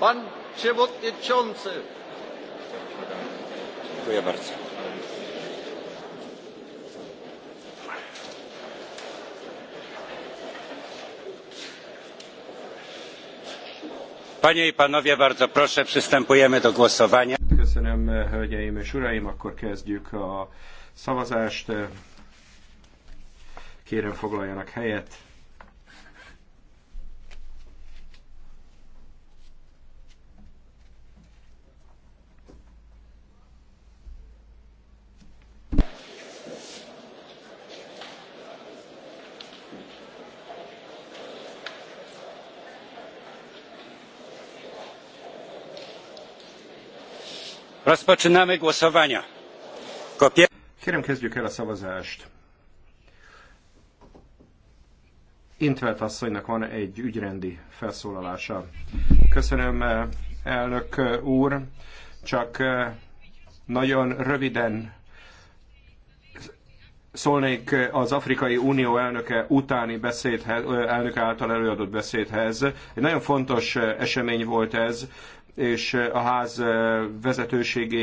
Pan Przewodniczący. Dziękuję bardzo. Panie i panowie, bardzo proszę, przystępujemy do głosowania. Köszönöm, hölgyeim és uraim, akkor kezdjük a szavazást. Kérem foglaljanak helyet. Rozpoczynamy głosowania. Kérem, kezdjük el a szavazást. Intvert asszonynak van egy ügyrendi felszólalása. Köszönöm, elnök úr. Csak eh, nagyon röviden szólnék az Afrikai Unió elnöke utáni beszédhez, eh, elnöke által előadott beszédhez. Egy nagyon fontos eh, esemény volt ez, és a ház vezetőségéhez